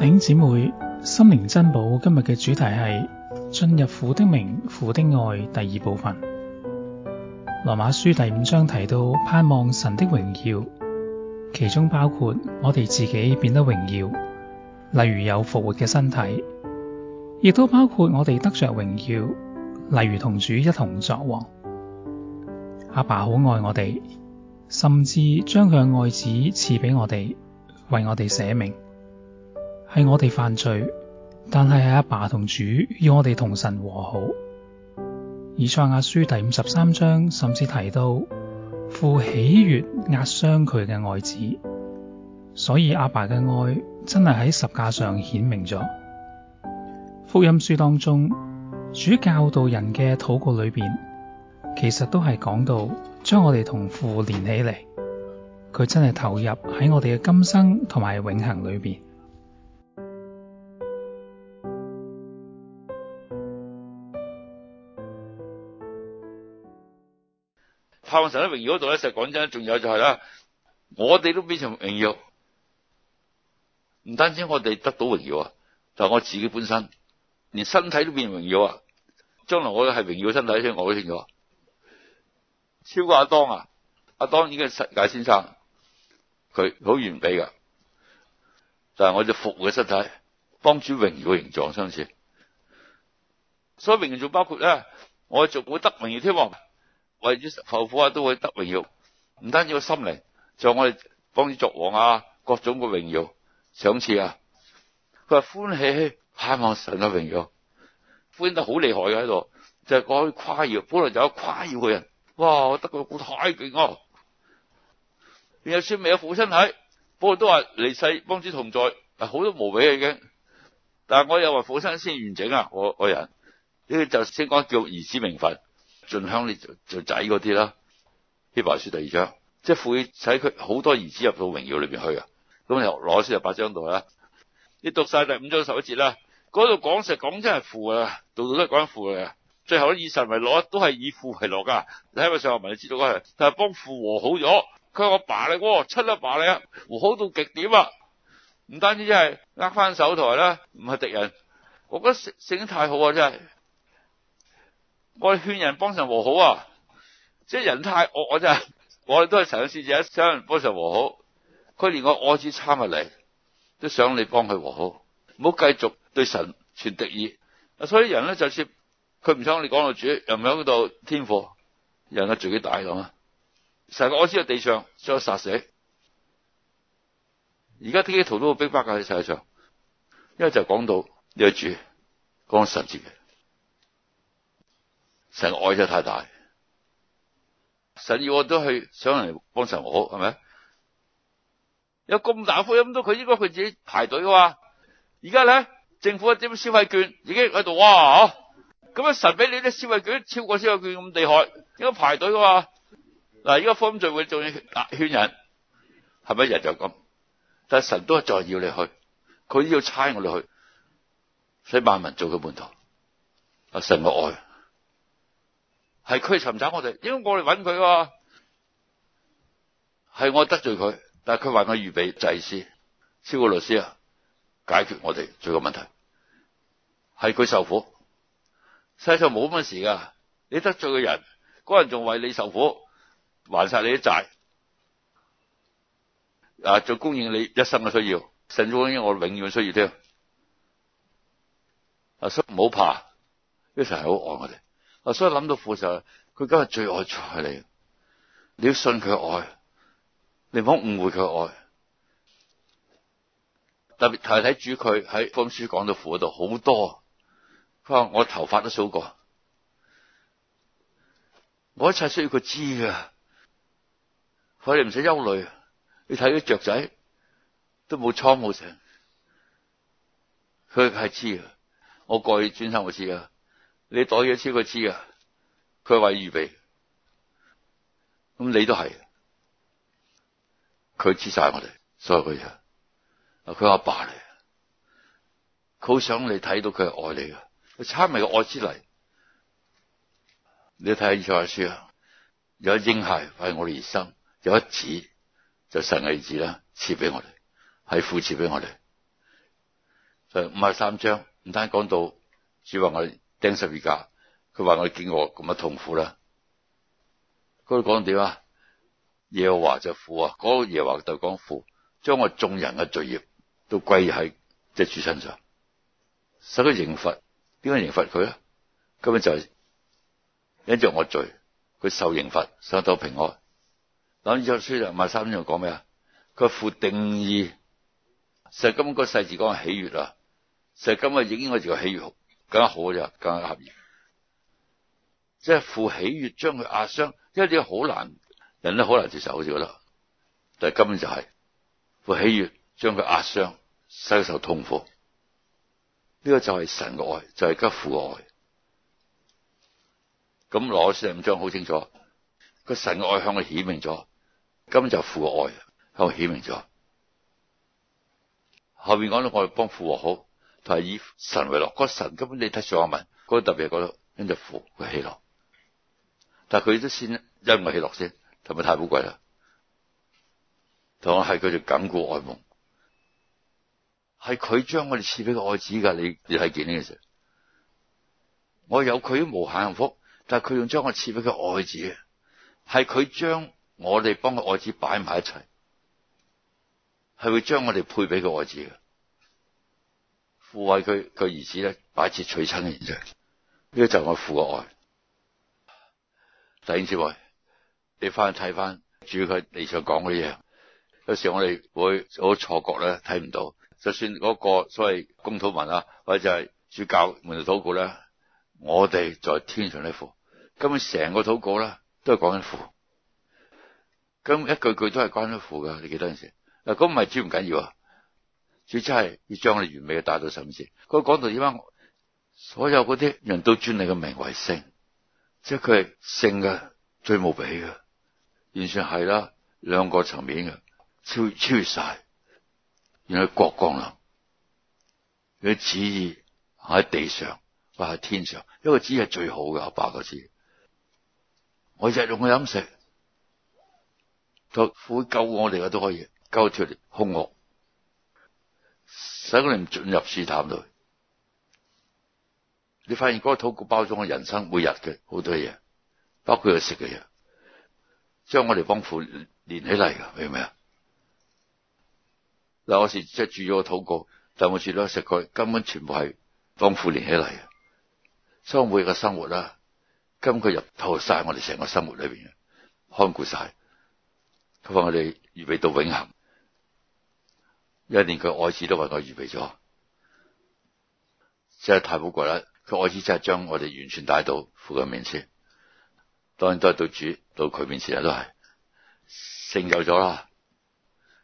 弟兄姐妹，心靈珍寶，今日嘅主題係進入父的名、父的愛第二部分。羅馬書第五章提到盼望神的榮耀，其中包括我哋自己變得榮耀，例如有復活嘅身體；亦都包括我哋得着榮耀，例如同主一同作王。阿爸好愛我哋，甚至將佢嘅愛子賜俾我哋，為我哋寫名。係我哋犯罪，但係係阿爸同主要我哋同神和好。以賽亞書第五十三章甚至提到父喜悅壓傷佢嘅愛子，所以阿爸嘅愛真係喺十架上顯明咗。福音書當中，主教導人嘅禱告裏邊，其實都係講到將我哋同父連起嚟，佢真係投入喺我哋嘅今生同埋永恆裏邊。盼神喺榮耀嗰度咧，實講真，仲有就係、是、啦，我哋都變成榮耀，唔單止我哋得到榮耀啊，就是、我自己本身，連身體都變成榮耀啊！將來我係榮耀嘅身體，所以我都變咗，超過阿當啊！阿當已經係世界先生，佢好完美㗎，但、就、係、是、我哋復活嘅身體，幫主榮耀嘅形狀相似，所以榮耀仲包括咧，我仲會得榮耀添喎。為咗父父啊都會得榮耀，唔單止個心靈，仲、就是、我哋幫主作王啊，各種嘅榮耀上次啊。佢話歡喜盼望神嘅、啊、榮耀，歡得好厲害嘅喺度，就係可以誇耀。本來就有誇耀嘅人，哇，我得個好太勁，你又算未有父親睇，不過都話離世幫主同在，好多無比嘅已經。但係我又話父親先完整啊，我我人呢就先講叫兒子名分。進香你做仔嗰啲啦，《希伯來書》第二章，即係父使佢好多兒子入到榮耀裏面去啊！咁又攞書十八章度啦，你讀晒第五章十一節啦，嗰度講實講真係父啊，度度都講父㗎，最後以神為樂都係以父為樂㗎。你喺《上學文》知道嗰樣，就係幫父和好咗。佢係我爸咧、那個，喎，親阿爸咧，和好到極點啊！唔單止係握返手台啦，唔係敵人。我覺得寫得太好啊，真係～我哋勸人幫神和好啊！即係人太惡，我就我哋都係神嘅使者，想人幫神和好。佢連個愛子參入嚟，都想你幫佢和好。唔好繼續對神存敵意。所以人咧，就算佢唔想你講到主，又響嗰度天火，人嘅罪幾大咁啊！成個愛子喺地上將佢殺死。而家啲基督徒都好逼迫噶喺世界上，因為就講到約主講到神嘅。神愛就太大，神要我都去，想嚟幫神我，係咪？有咁大福音都佢應該佢自己排隊噶嘛？而家咧政府一啲消費券已經喺度哇咁樣神俾你啲消費券超過消費券咁厲害，應該排隊噶嘛？嗱，而家福音聚會仲要勸、啊、人，係咪日就咁？但係神都係再要你去，佢要差我哋去，所以萬民做佢門徒，啊神嘅愛。係佢尋找我哋，應該我嚟揾佢喎。係我得罪佢，但係佢還我預備祭司、超過、律師啊，解決我哋最近問題。係佢受苦，世上冇乜事噶。你得罪嘅人，嗰人仲為你受苦，還晒你啲債，啊，再供應你一生嘅需要，甚至供應我永遠需要添。所以唔好怕，呢神係好愛我哋。所以諗到父就，佢今日最愛係嚟。你要信佢愛，你唔好誤會佢愛。特別睇睇主佢喺《福音書》講到父嗰度好多，佢話我頭髮都數過，我一切需要佢知噶，佢哋唔使憂慮。你睇啲雀仔都冇倉冇成。佢係知噶，我過去轉身我知噶。你袋嘢超佢知啊，佢話預備，咁你都係，佢知晒我哋，所以佢啊，佢阿爸嚟，佢好想你睇到佢愛你噶，佢差唔多愛之嚟。你睇下以賽亞書，有一嬰孩為我哋而生，有一子就神嘅兒子啦，賜俾我哋，係父賜俾我哋。就五十三章，唔單講到主話我哋。釘十字架，佢話我見過咁啊痛苦啦，佢度講點啊？耶和華就富啊，嗰個耶和華就講富，將我眾人嘅罪孽都歸喺耶主身上，使佢刑罰。點樣刑罰佢咧？根本就係因着我罪，佢受刑罰，受到平安。諗咗書嚟，第三章就講咩啊？佢富定意，聖經個個細字講講喜悦啊，聖經啊已經我哋個喜悦。更加好嘅，更加合意。即係父喜悅將佢壓傷，因為你好難，人都好難接受，好似覺得。但係根本就係父喜悅將佢壓傷，收受痛苦。呢個就係神嘅愛，就係而家父嘅愛。咁攞四五張好清楚，個神嘅愛向佢顯明咗，根本就係父嘅愛向佢顯明咗。後面講到我哋幫父和好。係以神為樂，個神，根本你睇上下文，嗰、那個特別係度，因就父個喜樂，但係佢都先因氣落，是不是太不貴了，佢喜樂先，同埋太寶貴啦。同我係佢哋鞏固愛蒙，係佢將我哋賜俾個愛子噶，你你見見呢件事。我有佢無限幸福，但係佢仲將我賜俾個愛子，係佢將我哋幫個愛子擺埋一齊，係會將我哋配俾個愛子嘅。父為佢佢兒子咧擺設娶親嘅形象，呢個就係我父嘅愛。弟兄姊妹，你翻去睇翻主佢你想講嘅嘢，有時我哋會好錯覺咧睇唔到。就算嗰個所謂公禱文啊，或者係主教門徒禱告咧，我哋在天上呢父，根本成個禱告咧都係講緊父。咁一句句都係關緊父噶，你記得陣時嗱，咁唔係主唔緊要啊。最真係要將我哋完美嘅帶到神面前。佢講到點解，所有嗰啲人都尊你嘅名為聖，即係佢係聖嘅最冇比嘅，完全係啦，兩個層面嘅超超越晒。然後國降臨，佢旨意喺地上，佢喺天上，因為旨意係最好嘅八個字。我日用嘅飲食，托悔救我哋嘅都可以救出空兇惡。使佢哋唔進入試探內，你發現嗰個禱告包裝嘅人生，每日嘅好多嘢，包括佢食嘅嘢，將我哋幫父連起嚟嘅，明唔明啊？嗱，我是即係住咗個禱告，但係我住咗食佢，根本全部係幫父連起嚟嘅。所以我每日嘅生活啦，根本佢入透晒我哋成個生活裏邊嘅看顧晒佢幫我哋預備到永恆。連佢愛子都為我預備咗，真係太寶貴啦！佢愛子真係將我哋完全帶到父嘅面前，當然都係到主，到佢面前都係成就咗啦。